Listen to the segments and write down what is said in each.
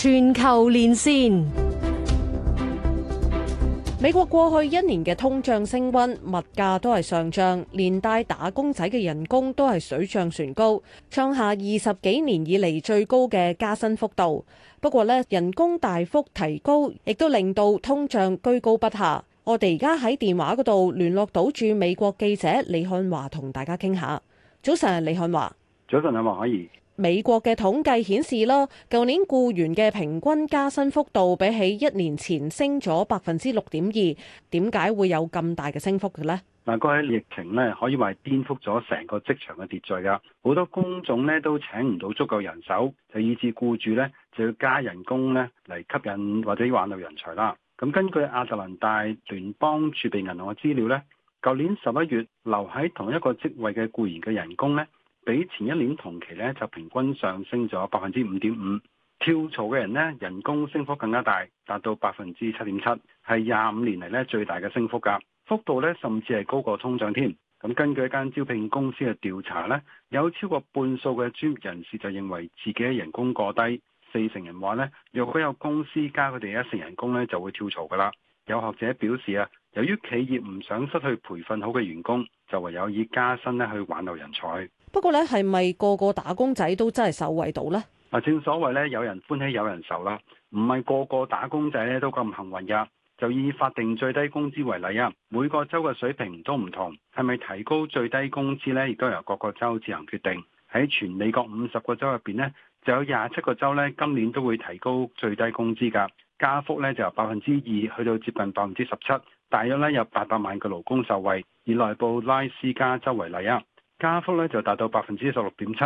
全球連線，美國過去一年嘅通脹升溫，物價都係上漲，連帶打工仔嘅人工都係水漲船高，創下二十幾年以嚟最高嘅加薪幅度。不過呢，人工大幅提高，亦都令到通脹居高不下。我哋而家喺電話嗰度聯絡到駐美國記者李漢華，同大家傾下。早晨，李漢華。早晨，阿華可以。美國嘅統計顯示啦，舊年僱員嘅平均加薪幅度比起一年前升咗百分之六點二，點解會有咁大嘅升幅嘅呢？嗱，嗰個疫情呢，可以話係顛覆咗成個職場嘅秩序噶，好多工種呢都請唔到足夠人手，就以致僱主呢就要加人工呢嚟吸引或者挽留人才啦。咁根據亞特蘭大聯邦儲備銀行嘅資料呢，舊年十一月留喺同一個職位嘅僱員嘅人工呢，比前一年同期咧就平均上升咗百分之五點五。跳槽嘅人呢，人工升幅更加大，達到百分之七點七，係廿五年嚟，呢最大嘅升幅噶，幅度呢，甚至係高過通脹添。咁根據一間招聘公司嘅調查呢，有超過半數嘅專業人士就認為自己嘅人工過低，四成人話呢，若果有公司加佢哋一成人工呢，就會跳槽噶啦。有學者表示啊，由於企業唔想失去培訓好嘅員工，就唯有以加薪呢去挽留人才。不過咧，係咪個個打工仔都真係受惠到呢？啊，正所謂咧，有人歡喜有人愁啦，唔係個個打工仔咧都咁幸運噶。就以法定最低工資為例啊，每個州嘅水平都唔同，係咪提高最低工資呢？亦都由各個州自行決定。喺全美國五十個州入邊呢，就有廿七個州呢，今年都會提高最低工資噶，加幅呢，就由百分之二去到接近百分之十七，大約呢，有八百萬嘅勞工受惠。以內布拉斯加州為例啊。加幅呢就達到百分之十六點七，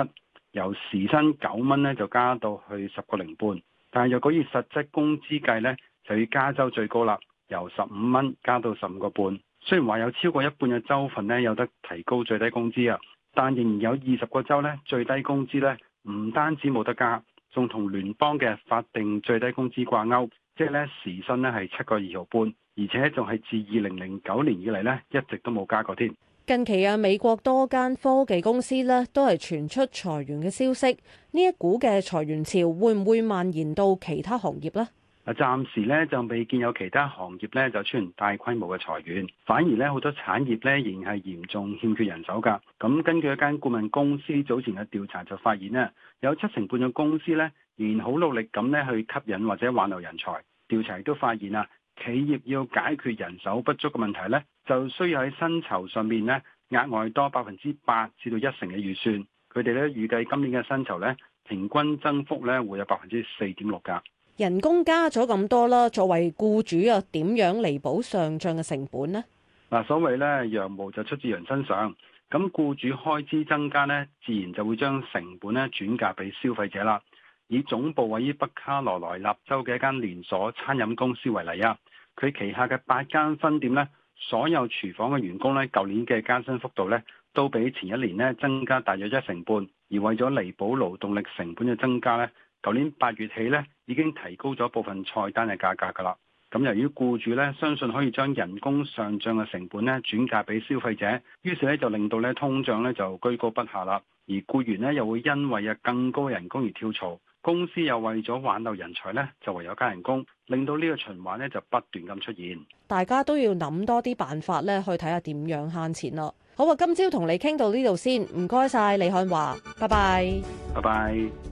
由時薪九蚊呢就加到去十個零半。但係若果以實質工資計呢，就要加州最高啦，由十五蚊加到十五個半。雖然話有超過一半嘅州份呢，有得提高最低工資啊，但仍然有二十個州呢，最低工資呢唔單止冇得加，仲同聯邦嘅法定最低工資掛鈎，即係呢，時薪呢係七個二毫半，而且仲係自二零零九年以嚟呢一直都冇加過添。近期啊，美國多間科技公司咧都係傳出裁員嘅消息，呢一股嘅裁員潮會唔會蔓延到其他行業呢？啊，暫時咧就未見有其他行業咧就出現大規模嘅裁員。反而咧好多產業咧仍係嚴重欠缺人手㗎。咁根據一間顧問公司早前嘅調查就發現呢，有七成半嘅公司咧仍然好努力咁咧去吸引或者挽留人才。調查亦都發現啊，企業要解決人手不足嘅問題咧，就需要喺薪酬上面咧額外多百分之八至到一成嘅預算。佢哋咧預計今年嘅薪酬咧平均增幅咧會有百分之四點六噶人工加咗咁多啦，作為僱主啊，又點樣彌補上漲嘅成本呢？嗱，所謂咧羊毛就出自羊身上，咁僱主開支增加咧，自然就會將成本咧轉嫁俾消費者啦。以總部位於北卡羅來納州嘅一間連鎖餐飲公司為例啊，佢旗下嘅八間分店呢，所有廚房嘅員工呢，舊年嘅加薪幅度呢，都比前一年呢增加大約一成半。而為咗彌補勞動力成本嘅增加呢，舊年八月起呢已經提高咗部分菜單嘅價格㗎喇。咁由於僱主呢相信可以將人工上漲嘅成本呢轉嫁畀消費者，於是呢就令到呢通脹呢就居高不下喇。而僱員呢又會因為啊更高的人工而跳槽。公司又為咗挽留人才咧，就唯有加人工，令到呢個循環咧就不斷咁出現。大家都要諗多啲辦法咧，去睇下點樣慳錢咯。好啊，今朝同你傾到呢度先，唔該晒李漢華，拜拜，拜拜。